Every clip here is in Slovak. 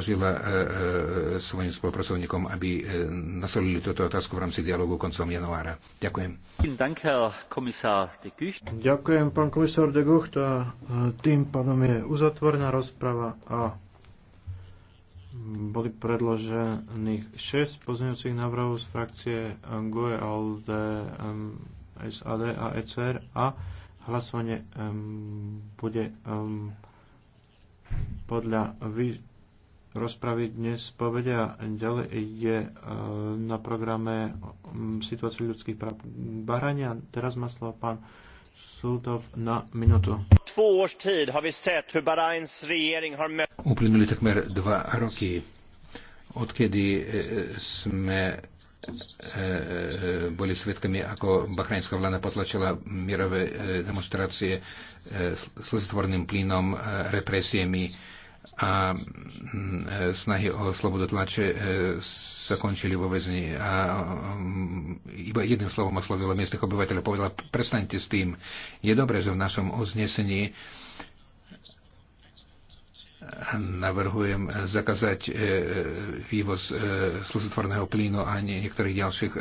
žila e, e, e, svojim spolupracovníkom, aby nasolili túto otázku v rámci dialogu koncom januára. Ďakujem. Ďakujem, pán komisár de Gucht. A tým pádom je uzatvorená rozprava a boli predložených 6 pozňujúcich návrhov z frakcie GUE, ALD, SAD a ECR a hlasovanie bude podľa vý rozpravy dnes povedia. Ďalej je na programe situácie ľudských práv Bahrania. Teraz má slovo pán Sultov na minútu. Uplynuli takmer dva roky, odkedy sme boli svedkami, ako bahrajnská vláda potlačila mierové demonstrácie s plynom, represiemi a mm, snahy o slobodu tlače e, sa končili vo väzni. A mm, iba jedným slovom oslovilo miestnych obyvateľov, povedala, prestaňte s tým. Je dobré, že v našom uznesení navrhujem zakázať e, vývoz e, slzotvorného plynu a niektorých ďalších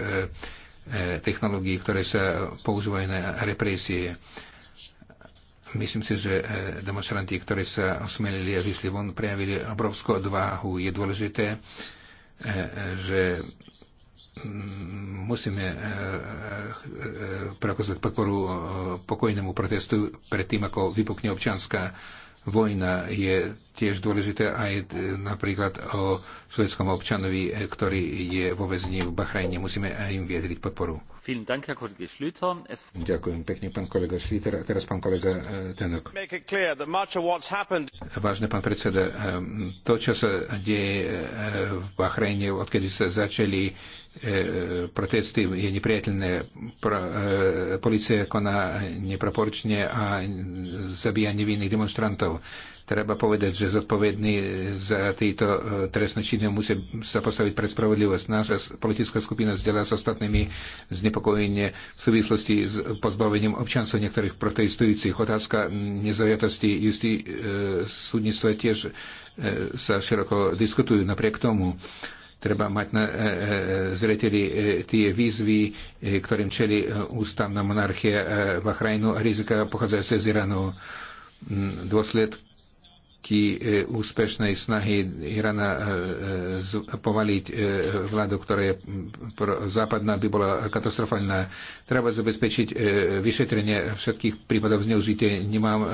technológií, ktoré sa používajú na represie Myslím si, že e, demonstranti, ktorí sa osmelili a vyšli von, prejavili obrovskú odvahu. Je dôležité, e, e, že mm, musíme preukázať podporu pokojnému protestu pred tým, ako vypukne občanská vojna je tiež dôležité aj e, napríklad o švedskom občanovi, e, ktorý je vo väzení v Bahrajne. Musíme aj im viedriť podporu. Ďakujem pekne, pán kolega Schlüter. A teraz pán kolega e, Tenok. Vážne pán predseda, to, čo sa deje v Bahrajne, odkedy sa začali E, protesty je nepriateľné. E, policia koná neproporčne a zabíja nevinných demonstrantov. Treba povedať, že zodpovední za tieto e, trestné činy musia sa postaviť pred spravodlivosť. Naša politická skupina zdieľa s ostatnými znepokojenie v súvislosti s pozbavením občanstva niektorých protestujúcich. Otázka nezajatosti justi e, súdnictva tiež e, sa široko diskutujú napriek tomu. E, Treba mať na e, e, zreteli e, tie výzvy, ktorým čeli ústavná monarchia v Bahrajnu a rizika pochádzajúce z Iránu. Mm, Dôsledky výsledky e, úspešnej snahy Irana e, e, povaliť vládu, ktorá je západná, by bola katastrofálna. Treba zabezpečiť vyšetrenie všetkých prípadov zneužitia. Nemám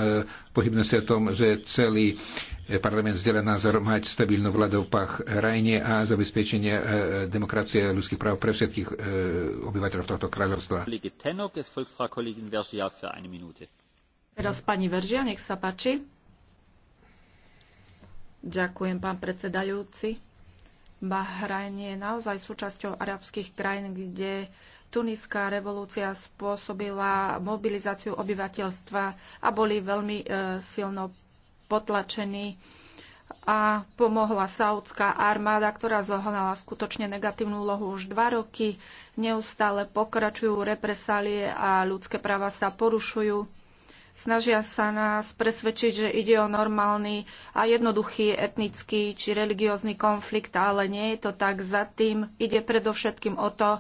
pochybnosti o tom, že celý parlament zdieľa názor mať stabilnú vládu v rajne a zabezpečenie demokracie a ľudských práv pre všetkých obyvateľov tohto kráľovstva. Teraz pani Veržia, nech sa páči. Ďakujem, pán predsedajúci. Bahrajn je naozaj súčasťou arabských krajín, kde tuniská revolúcia spôsobila mobilizáciu obyvateľstva a boli veľmi e, silno potlačení a pomohla saudská armáda, ktorá zohnala skutočne negatívnu úlohu už dva roky. Neustále pokračujú represálie a ľudské práva sa porušujú. Snažia sa nás presvedčiť, že ide o normálny a jednoduchý etnický či religiózny konflikt, ale nie je to tak. Za tým ide predovšetkým o to,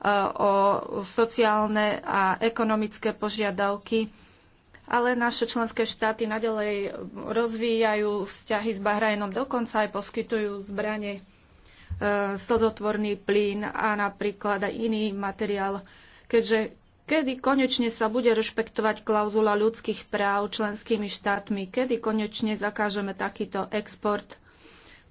e, o sociálne a ekonomické požiadavky, ale naše členské štáty nadalej rozvíjajú vzťahy s Bahrajnom, dokonca aj poskytujú zbranie, e, slodotvorný plyn a napríklad aj iný materiál, keďže Kedy konečne sa bude rešpektovať klauzula ľudských práv členskými štátmi? Kedy konečne zakážeme takýto export?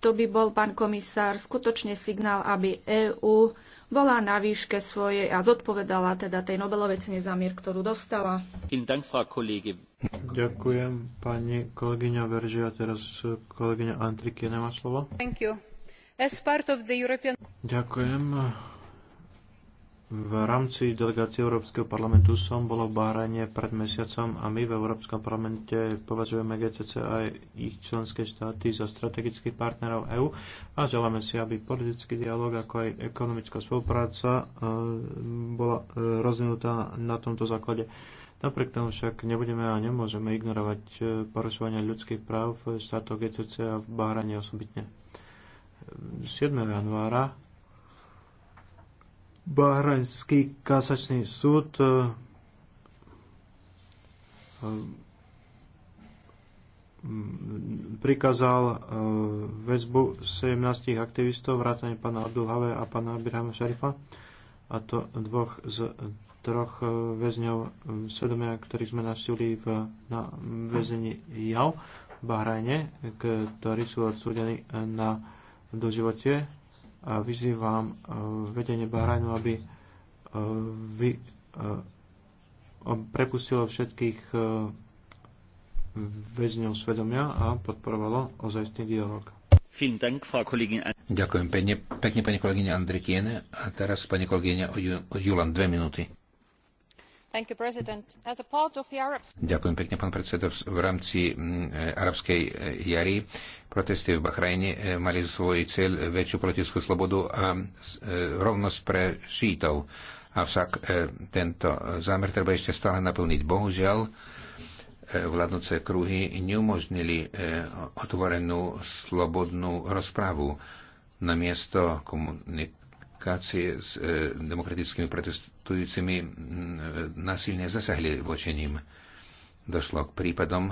To by bol, pán komisár, skutočne signál, aby EÚ bola na výške svojej a zodpovedala teda tej Nobelovej cene za mier, ktorú dostala. Ďakujem, pani kolegyňa Veržia. Teraz kolegyňa Antrikie nemá slovo. European... Ďakujem. V rámci delegácie Európskeho parlamentu som bolo v Bahrajne pred mesiacom a my v Európskom parlamente považujeme GCC a ich členské štáty za strategických partnerov EÚ a želáme si, aby politický dialog ako aj ekonomická spolupráca e, bola e, rozvinutá na tomto základe. Napriek tomu však nebudeme a nemôžeme ignorovať e, porušovanie ľudských práv v štátoch GCC a v Bahrajne osobitne. 7. januára Bahrajnský kasačný súd e, e, prikázal e, väzbu 17 aktivistov, vrátane pána Abdulhave a pána Abirhama Šarifa, a to dvoch z troch väzňov svedomia, ktorých sme navštívili v, na väzení Jav v Bahrajne, ktorí sú odsúdení na doživotie a vyzývam e, vedenie Bahrajnu, aby e, vy, e, prepustilo všetkých väzňov svedomia a podporovalo ozajstný dialog. Ďakujem pekne, pekne pani kolegyne Andrikiene. A teraz pani kolegyne Julan dve minúty. Ďakujem pekne, pán predseda. V rámci mm, arabskej eh, jary protesty v Bahrajne eh, mali svoj cieľ väčšiu politickú slobodu a eh, rovnosť pre šítov. Avšak tento zámer treba ešte stále naplniť. Bohužiaľ, vládnuce kruhy neumožnili otvorenú slobodnú rozpravu namiesto komunikácie s demokratickými protestami protestujúcimi nasilne zasahli voči ním. Došlo k prípadom,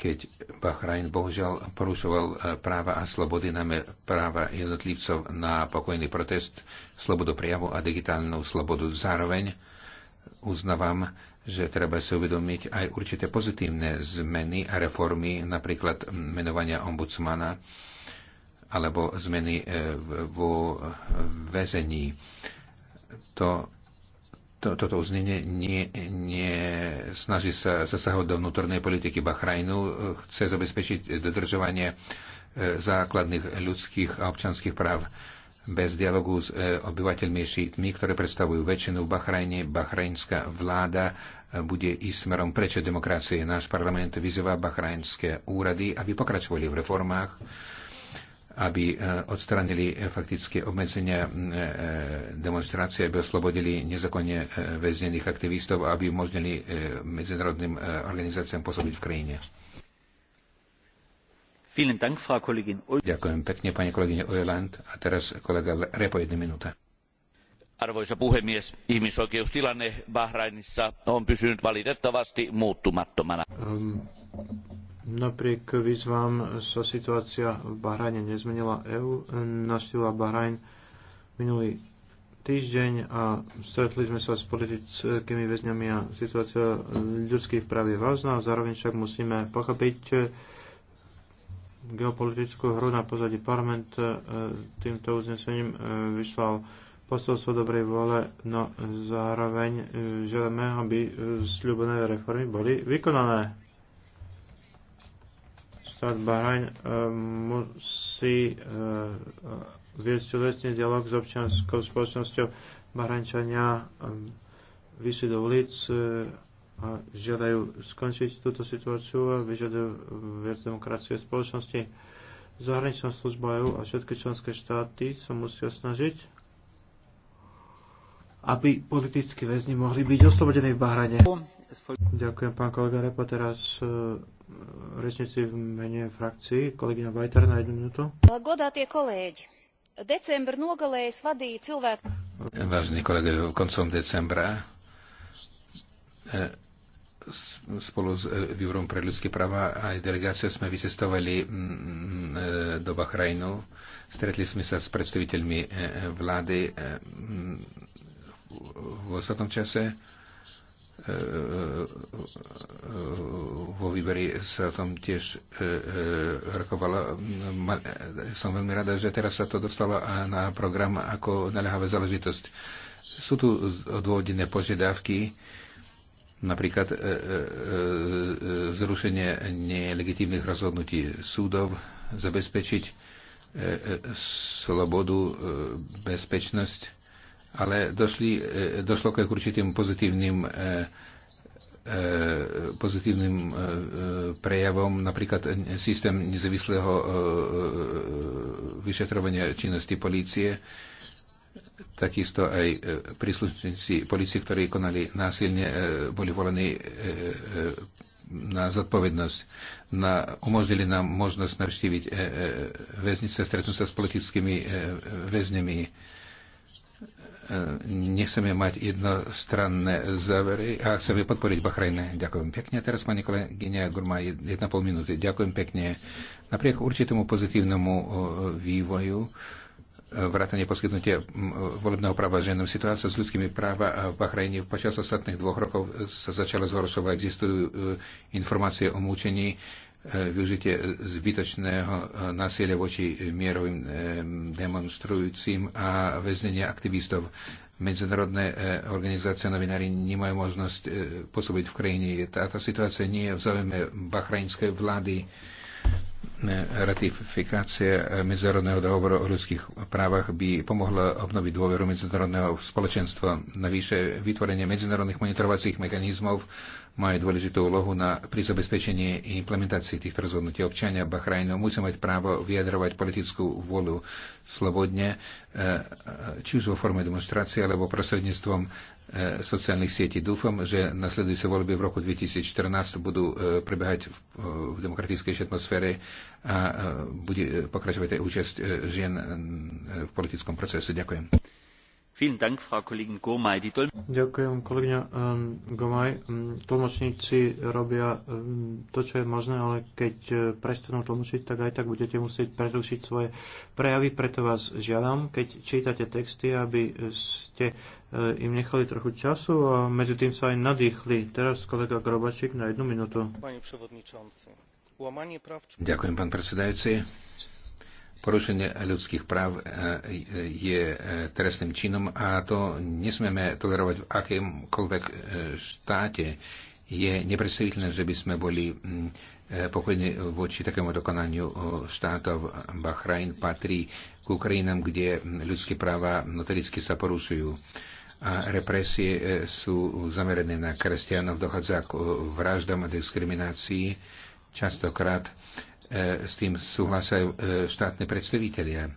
keď Bahrajn bohužiaľ porušoval e, práva a slobody, najmä práva jednotlivcov na pokojný protest, slobodu prijavu a digitálnu slobodu. Zároveň uznávam, že treba si uvedomiť aj určité pozitívne zmeny a reformy, napríklad menovania ombudsmana alebo zmeny e, vo e, väzení to, to, toto uznenie nie, nie snaží sa zasahovať do vnútornej politiky Bahrajnu, chce zabezpečiť dodržovanie e, základných ľudských a občanských práv bez dialogu s e, obyvateľmi šítmi, ktoré predstavujú väčšinu v Bahrajne. Bahrajnská vláda e, bude ísť smerom prečo demokracie. Náš parlament vyzýva bahrajnské úrady, aby pokračovali v reformách, aby e, odstranili e, faktické obmedzenia e, demonstrácie, aby oslobodili nezakonne väznených aktivistov a aby umožnili medzinárodným organizáciám pôsobiť v krajine. Ďakujem pekne, pani kolegyne Ojeland. A teraz kolega Repo, jedna minúta. Arvoisa puhemies, ihmisoikeustilanne Bahrainissa on pysynyt valitettavasti muuttumattomana. Um Napriek výzvam sa situácia v Bahrajne nezmenila. EU nastila Bahrajn minulý týždeň a stretli sme sa s politickými väzňami a situácia ľudských práv je vážna. Zároveň však musíme pochopiť geopolitickú hru na pozadí parlament e, týmto uznesením e, vyslal posolstvo dobrej vôle, no zároveň e, želeme, aby sľubené reformy boli vykonané štát Bahraň e, musí e, viesť vecný dialog s občianskou spoločnosťou Bahraňčania e, vyšli do ulic a žiadajú skončiť túto situáciu a vyžadujú viac demokracie v spoločnosti. Zahraničná služba EU a všetky členské štáty sa musia snažiť aby politickí väzni mohli byť oslobodení v Bahrajne. Ďakujem, pán kolega Repo. Teraz uh, rečníci v mene frakcii. Kolegyňa Vajtar na jednu minútu. Godátie kolēģi. Decembr nogalējas vadīja cilvēku... Vážení kolegovia, koncom decembra e, spolu s e, Výborom pre ľudské práva aj delegáciou sme vycestovali do Bahrajnu. Stretli sme sa s predstaviteľmi vlády v ostatnom čase e, e, e, vo výbere sa tam tiež rokovala. Som veľmi rada, že teraz sa to dostalo na program ako naliehavá záležitosť. Sú tu odvodené požiadavky, napríklad zrušenie nelegitívnych rozhodnutí súdov, zabezpečiť slobodu, bezpečnosť ale došli, e, došlo k určitým pozitívnym e, e, pozitívnym prejavom, napríklad systém nezávislého vyšetrovania činnosti policie, takisto aj príslušníci policie, ktorí konali násilne, boli volení na zodpovednosť. Na, umožnili nám možnosť navštíviť väznice, stretnúť sa s politickými väznemi nechceme mať jednostranné závery a chceme podporiť Bahrajne. Ďakujem pekne. Teraz pani kolegyňa Gurma, jedna pol minúty. Ďakujem pekne. Napriek určitému pozitívnemu vývoju vrátanie poskytnutia volebného práva ženom. Situácia s ľudskými práva v Bahrajne počas ostatných dvoch rokov sa začala zhoršovať. Existujú e, informácie o mučení využitie zbytočného násilia voči mierovým eh, demonstrujúcim a väznenie aktivistov. Medzinárodné eh, organizácie novinári nemajú možnosť eh, pôsobiť v krajine. Táto situácia nie je v záujme bahrajnskej vlády. Ratifikácia medzinárodného dohovoru o ľudských právach by pomohla obnoviť dôveru medzinárodného spoločenstva. Navyše vytvorenie medzinárodných monitorovacích mechanizmov majú dôležitú úlohu na, pri zabezpečení implementácii týchto rozhodnutí. Občania Bahrajnu musia mať právo vyjadrovať politickú vôľu slobodne, e, e, či už vo forme demonstrácie alebo prostredníctvom e, sociálnych sietí. Dúfam, že nasledujúce voľby v roku 2014 budú prebiehať v demokratickej atmosfére a bude pokračovať aj účasť žien v politickom procese. Ďakujem. Ďakujem, kolegyňa um, Gomaj. Um, tlmočníci robia um, to, čo je možné, ale keď uh, prestanú tlmočiť, tak aj tak budete musieť prerušiť svoje prejavy. Preto vás žiadam, keď čítate texty, aby uh, ste uh, im nechali trochu času a medzi tým sa aj nadýchli. Teraz kolega Grobačík na jednu minútu. Ďakujem, pán predsedajúci. Porušenie ľudských práv e, je e, trestným činom a to nesmieme tolerovať v akémkoľvek e, štáte. Je nepredstaviteľné, že by sme boli mm, pokojní voči takému dokonaniu štátov. Bahrajn patrí k Ukrajinám, kde mm, ľudské práva notoricky sa porušujú a represie sú zamerané na kresťanov, dochádza k vraždám a diskriminácii, častokrát E, s tým súhlasajú e, štátne predstavitelia.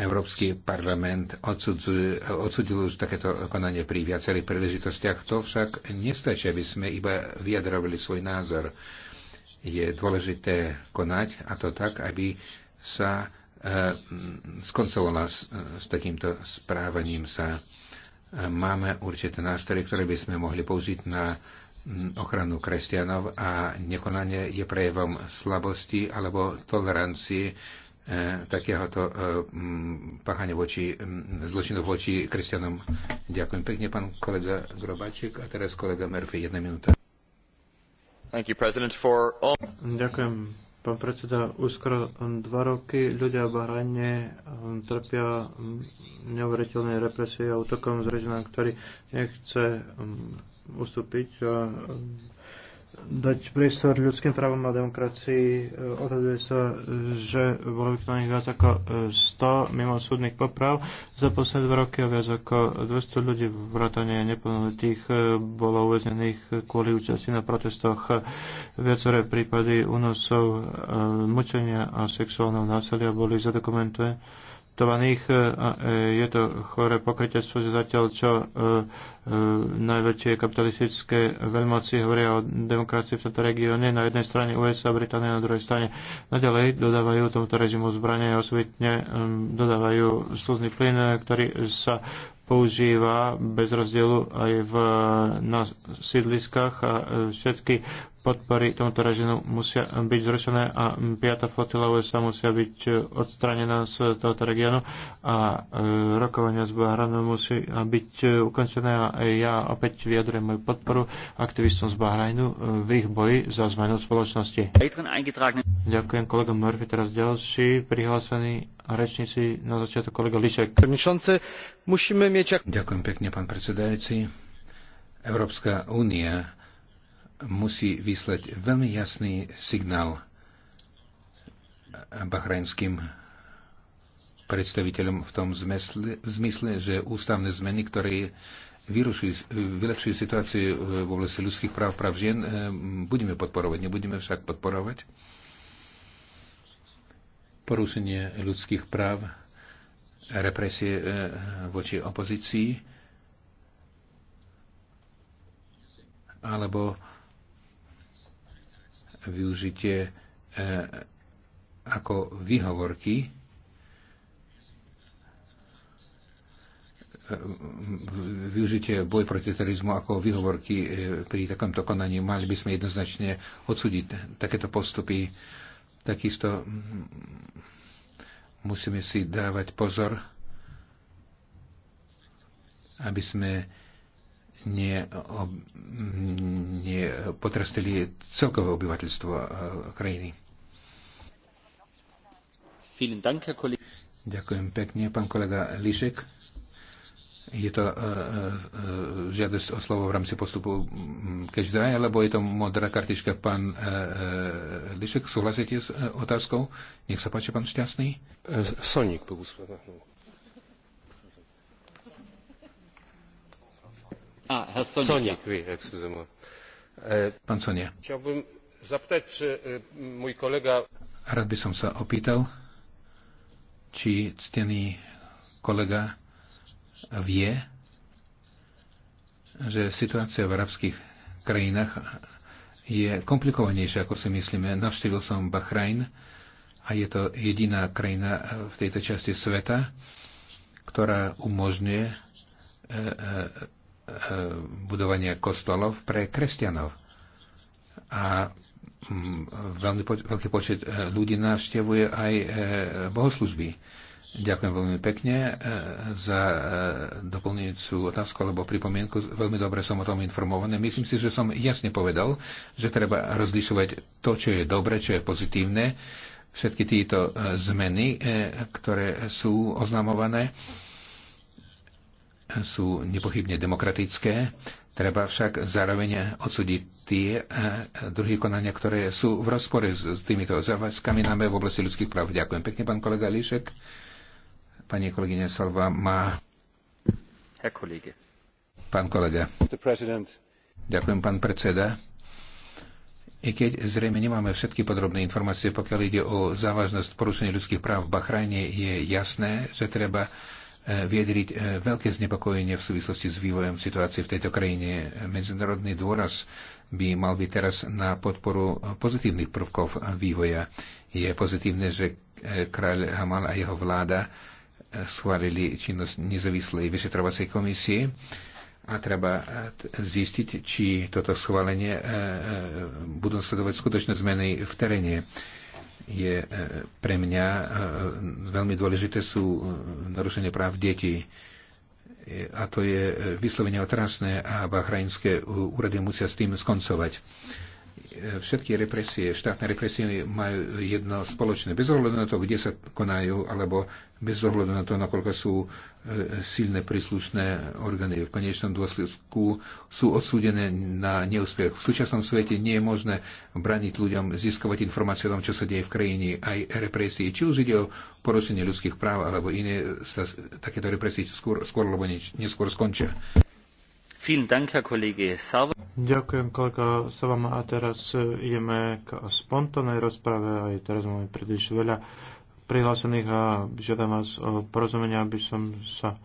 Európsky parlament odsudil už takéto konanie pri viacerých príležitostiach. To však nestačí, aby sme iba vyjadrovali svoj názor. Je dôležité konať a to tak, aby sa e, skoncovala s, s takýmto správaním sa. Máme určité nástroje, ktoré by sme mohli použiť na Mm, ochranu kresťanov a nekonanie je prejavom slabosti alebo tolerancie takéhoto e, mm, páchania voči, mm, zločinov voči kresťanom. Ďakujem pekne, pán kolega Grobáček. A teraz kolega Murphy, jedna minúta. You, for... Ďakujem, pán predseda. Úskoro dva roky ľudia v Bahrajne um, trpia um, neuveriteľné represie autokom z režima, ktorý nechce um, ustúpiť a dať priestor ľudským právom a demokracii. Odhaduje sa, že bolo vykonaných viac ako 100 eh, mimo súdnych poprav. Za posledné dva roky a viac ako 200 ľudí vrátane neplnoletých eh, bolo uväznených kvôli účasti na protestoch. Viaceré prípady únosov, eh, mučenia a sexuálneho násilia boli zadokumentované testovaných. E, e, je to chore pokrytectvo, že zatiaľ čo e, najväčšie kapitalistické veľmoci hovoria o demokracii v tomto regióne. Na jednej strane USA, Británia, na druhej strane naďalej dodávajú tomuto režimu zbrania a osobitne dodávajú slzný plyn, ktorý sa používa bez rozdielu aj v, na sídliskách a e, všetky podpory tomuto režimu musia byť zrušené a 5. flotila USA musia byť e, odstranená z tohoto regiónu a e, rokovania s Bahranom musí byť ukončené a ja opäť vyjadrujem moju podporu aktivistom z Bahrajnu v ich boji za zmenu spoločnosti. Ďakujem kolegom Murphy, teraz ďalší prihlásený rečníci, na začiatok kolega Lišek. Ďakujem pekne, pán predsedajúci. Európska únia musí vyslať veľmi jasný signál bahrajnským predstaviteľom v tom zmysle, v zmysle že ústavné zmeny, ktoré vyrušujú, vylepšujú situáciu v oblasti ľudských práv, práv žien, eh, budeme podporovať, nebudeme však podporovať porušenie ľudských práv, represie e, voči opozícii alebo využitie e, ako výhovorky e, využitie boj proti terorizmu ako výhovorky pri takomto konaní. Mali by sme jednoznačne odsúdiť takéto postupy Takisto musíme si dávať pozor, aby sme nie, celkové obyvateľstvo e, krajiny. Ďakujem pekne, pán kolega Lišek. Je to e, e, e, žiadosť o slovo v rámci postupu keďže alebo je to modrá kartička pán e, e, Lišek? Súhlasíte s e, otázkou? Nech sa páči, pán Šťastný. E, Soník, A, e, pán Sonia. Chciałbym zapytać, czy e, mój kolega... Rád by som sa opýtal, či ctený kolega vie, že situácia v arabských krajinách je komplikovanejšia, ako si myslíme. Navštívil som Bahrajn a je to jediná krajina v tejto časti sveta, ktorá umožňuje e, e, e, budovanie kostolov pre kresťanov. A mm, veľmi veľký počet ľudí navštevuje aj bohoslužby Ďakujem veľmi pekne eh, za eh, doplňujúcu otázku alebo pripomienku. Veľmi dobre som o tom informovaný. Myslím si, že som jasne povedal, že treba rozlišovať to, čo je dobre, čo je pozitívne. Všetky tieto eh, zmeny, ktoré sú oznamované, sú nepochybne demokratické. Treba však zároveň odsúdiť tie druhy konania, ktoré sú v rozpore s týmito záväzkami, najmä v oblasti ľudských práv. Ďakujem pekne, pán kolega Líšek. Pani kolegyňa Salva má... Pán kolega. Ďakujem, pán predseda. I keď zrejme nemáme všetky podrobné informácie, pokiaľ ide o závažnosť porušenia ľudských práv v Bahrajne, je jasné, že treba e, viedriť e, veľké znepokojenie v súvislosti s vývojom situácie v tejto krajine. Medzinárodný dôraz by mal byť teraz na podporu pozitívnych prvkov vývoja. Je pozitívne, že e, kráľ Hamal a jeho vláda schválili činnosť nezávislej vyšetrovacej komisie a treba e, zistiť, či toto schválenie e, e, budú sledovať skutočné zmeny v teréne. Je pre mňa veľmi dôležité sú narušenie práv detí a to je vyslovene otrasné a bahrajinské úrady musia s tým skoncovať všetky represie, štátne represie majú jedno spoločné, bez ohľadu na to, kde sa konajú, alebo bez ohľadu na to, nakoľko sú e, silné príslušné orgány. V konečnom dôsledku sú odsúdené na neúspech. V súčasnom svete nie je možné braniť ľuďom získovať informácie o tom, čo sa deje v krajine, aj represie. Či už ide o porušenie ľudských práv, alebo iné, sa, takéto represie skôr, skôr alebo neskôr skončia. Ďakujem, kolega Savama. A teraz e, ideme k spontánnej rozprave. Aj teraz máme príliš veľa prihlásených a žiadam vás o porozumenie, aby som sa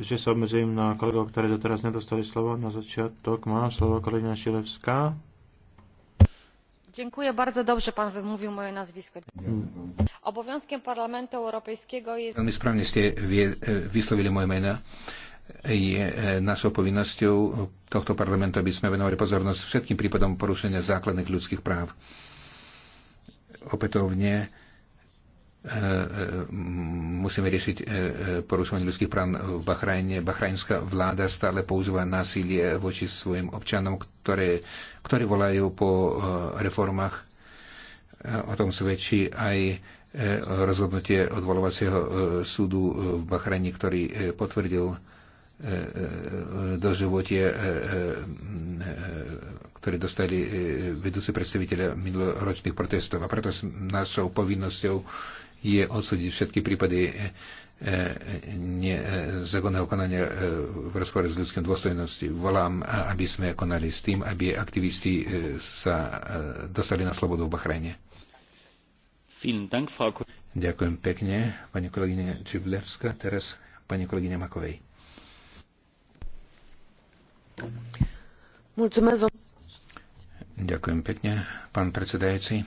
že sa obmedzím na kolegov, ktorí doteraz nedostali slovo. Na začiatok má slovo kolegyňa Šilevská. Dziękuję bardzo dobrze pan wymówił moje nazwisko. Obowiązkiem Parlamentu Europejskiego jest... Veľmi správne ste e, vyslovili moje mena je e, našou povinnosťou tohto parlamentu, aby sme venovali pozornosť všetkým prípadom porušenia základných ľudských práv. Opätovne e, e, musíme riešiť porušovanie ľudských práv v Bahrajne. Bahrajnská vláda stále používa násilie voči svojim občanom, ktoré, ktorí volajú po reformách. O tom svedčí aj rozhodnutie odvolovacieho súdu v Bahrajne, ktorý potvrdil E, e, e, do životie, ktoré dostali vedúci predstaviteľa minuloročných protestov. A preto našou povinnosťou je odsúdiť všetky prípady nezákonného konania v rozpore s ľudským dôstojnosti. Volám, aby sme konali s tým, aby aktivisti sa dostali na slobodu v Bahrajne. Ďakujem pekne, pani kolegyne Čiblevska. Teraz pani kolegyne Makovej. Ďakujem pekne, pán predsedajúci.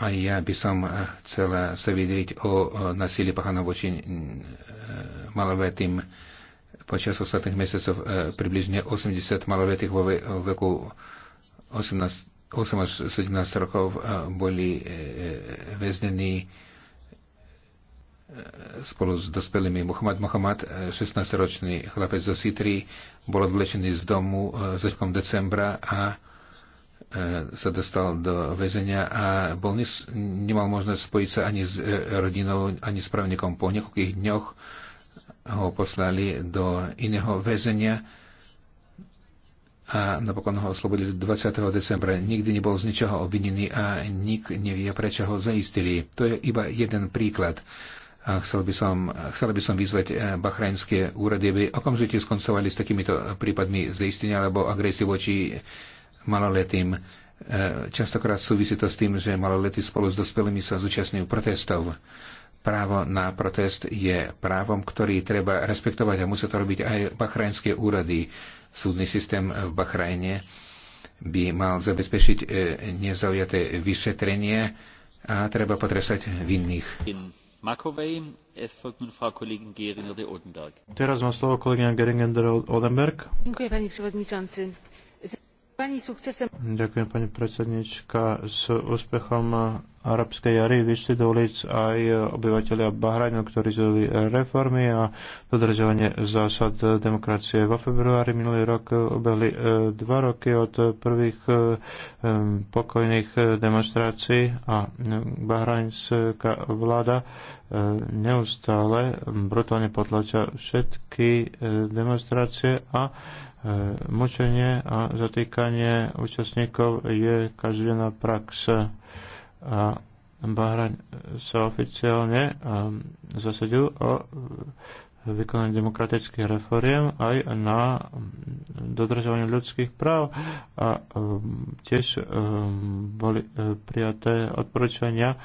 A ja by som eh, chcel sa vydriť o nasilí páchanom voči eh, maloletým. Počas ostatných mesiacov eh, približne 80 maloletých vo veku 18, 8 až 17 rokov boli väznení E, spolu s dospelými. Muhammad Muhammad, 16-ročný e, chlapec zo Sitri, bol odlečený z domu e, začiatkom decembra a sa dostal do väzenia a bol nes- nemal možnosť spojiť sa ani s rodinou, ani s právnikom. Po niekoľkých dňoch ho poslali do iného väzenia a napokon ho oslobodili 20. decembra. Nikdy nebol z ničoho obvinený a nik nevie, prečo ho zaistili. To je iba jeden príklad. A chcel by som, chcel by som vyzvať eh, bahrajnské úrady, aby okamžite skoncovali s takýmito prípadmi zistenia alebo agresie voči maloletým. Eh, častokrát súvisí to s tým, že maloletí spolu s dospelými sa zúčastňujú protestov. Právo na protest je právom, ktorý treba respektovať a musia to robiť aj bahrajnské úrady. Súdny systém v Bahrajne by mal zabezpečiť eh, nezaujaté vyšetrenie a treba potresať vinných. Makovej. Es folgt nun Frau Kollegin Geringer de Odenberg. Teraz má slovo kolegyňa Geringer de Odenberg. Ďakujem, pani przewodniczący. Ďakujem, pani predsednička. S úspechom arabskej jary vyšli do ulic aj obyvateľia Bahrajnu, ktorí žili reformy a dodržovanie zásad demokracie. Vo februári minulý rok obehli e, dva roky od prvých e, pokojných demonstrácií a bahrajnská vláda e, neustále brutálne potlača všetky demonstrácie a mučenie a zatýkanie účastníkov je každodenná prax a Bahraň sa oficiálne ehm, zasadil o eh, vykonanie demokratických reforiem aj na mm, dodržovanie ľudských práv a ehm, tiež ehm, boli eh, prijaté odporúčania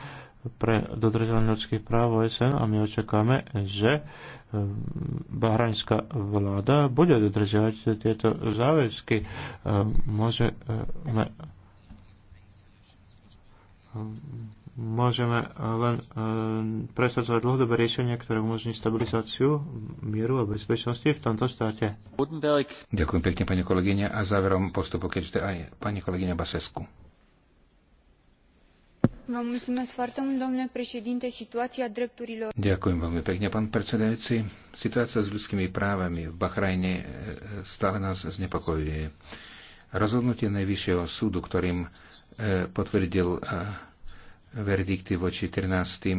pre dodržovanie ľudských práv OSN a my očakáme, že bahraňská vláda bude dodržovať tieto záväzky. Môžeme môžeme len e, presadzovať dlhodobé riešenie, ktoré umožní stabilizáciu mieru a bezpečnosti v tomto štáte. Ďakujem pekne, pani kolegyňa. A záverom postupu, keďže aj pani kolegyňa Basescu. Ďakujem veľmi pekne, pán predsedajúci. Situácia s ľudskými právami v Bahrajne e, e, stále nás znepokojuje. Rozhodnutie Najvyššieho súdu, ktorým potvrdil e, verdikty voči 13 e,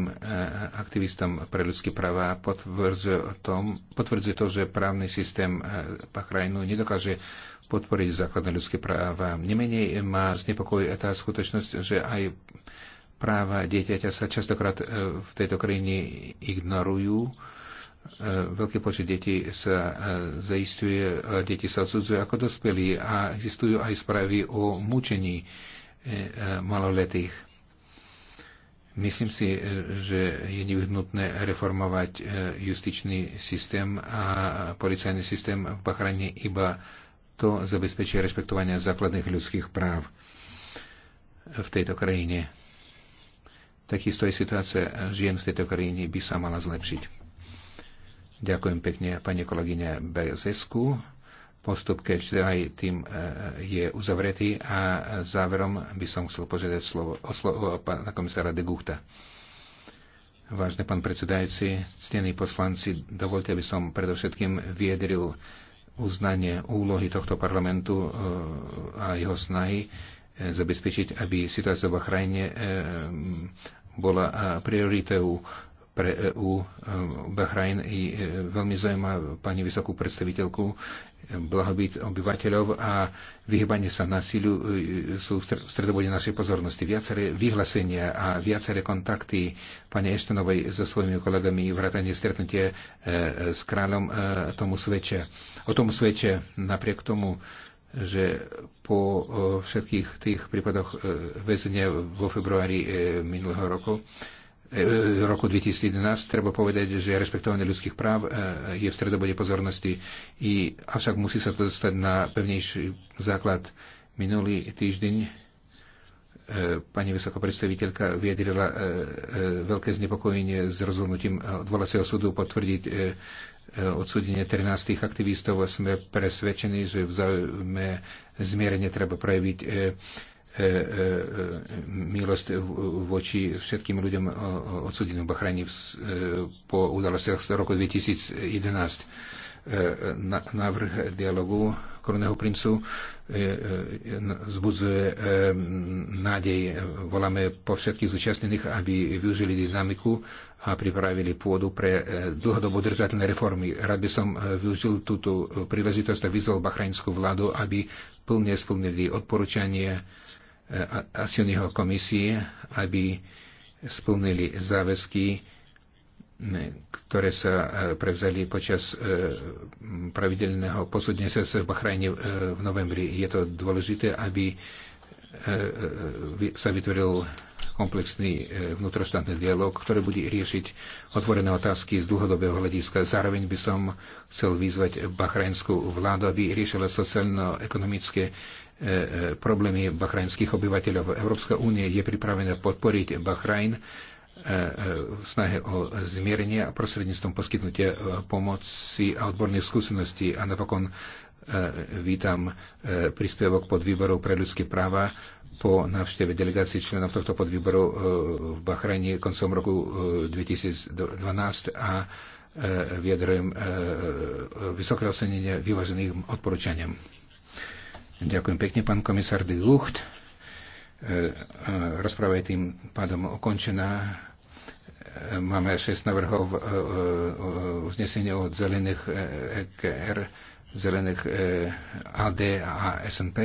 aktivistom pre ľudské práva potvrdzuje, tom, potvrdzuje to, že právny systém e, Bahrajnu nedokáže podporiť základné ľudské práva. Nemenej má znepokojuje tá skutočnosť, že aj práva dieťaťa sa častokrát v tejto krajine ignorujú. Veľký počet detí sa zaistuje, deti sa odsudzujú ako dospelí a existujú aj správy o mučení E, e, maloletých. Myslím si, e, že je nevyhnutné reformovať justičný systém a policajný systém v Bahrajne iba to zabezpečí rešpektovanie základných ľudských práv v tejto krajine. Takisto je situácia žien v tejto krajine by sa mala zlepšiť. Ďakujem pekne pani kolegyne Bezesku. Postup aj tým e, je uzavretý a záverom by som chcel požiadať slovo, o slovo pána komisára de Guchta. Vážne pán predsedajúci, ctení poslanci, dovolte, aby som predovšetkým viedril uznanie úlohy tohto parlamentu e, a jeho snahy e, zabezpečiť, aby situácia v Bahrajne bola prioritou pre EU e, Bahrajn i e, veľmi zaujíma pani vysokú predstaviteľku e, blahobyt obyvateľov a vyhybanie sa násiliu sú v stredobode našej pozornosti. Viaceré vyhlásenia a viaceré kontakty pani Eštenovej so svojimi kolegami vrátanie stretnutie s kráľom tomu svedčia. O tom svedčia napriek tomu, že po všetkých tých prípadoch väzenia vo februári minulého roku E, e, roku 2011 treba povedať, že respektovanie ľudských práv e, je v stredobode pozornosti, i, avšak musí sa to dostať na pevnejší základ. Minulý týždeň pani vysoká predstaviteľka vyjadrila veľké znepokojenie s rozhodnutím odvolacieho súdu potvrdiť odsúdenie 13 aktivistov. Sme presvedčení, že v záujme zmierenie treba prejaviť E, e, e, milosť voči všetkým ľuďom odsudeným v Bahrajne po udalostiach z roku 2011. Návrh dialogu korunného princu zbudzuje nádej. Voláme po všetkých zúčastnených, aby využili dynamiku a pripravili pôdu pre dlhodobo držateľné reformy. Rád by som využil túto príležitosť a vyzval bahrajnskú vládu, aby plne splnili odporúčanie asilního komisie, aby splnili záväzky, ktoré sa e, prevzali počas e, pravidelného posúdenia sa v Bahrajne e, v novembri. Je to dôležité, aby E, e, e, sa vytvoril komplexný vnútroštátny dialog, ktorý bude riešiť otvorené otázky z dlhodobého hľadiska. Zároveň by som chcel vyzvať bahrajnskú vládu, aby riešila sociálno-ekonomické problémy bahrajnských obyvateľov. Európska únie je pripravená podporiť Bahrajn v snahe o zmierenie a prostredníctvom poskytnutia pomoci a odbornej skúsenosti a napokon E, vítam e, príspevok podvýboru pre ľudské práva po návšteve delegácie členov tohto podvýboru e, v Bahrajne koncom roku 2012 a vyjadrujem vysoké ocenenie vyvážených odporúčaniam. Ďakujem pekne, pán komisár de Lucht. Rozpráva je tým pádom ukončená. Máme 6 navrhov uznesenia od zelených EKR zelených AD eh, a SNP.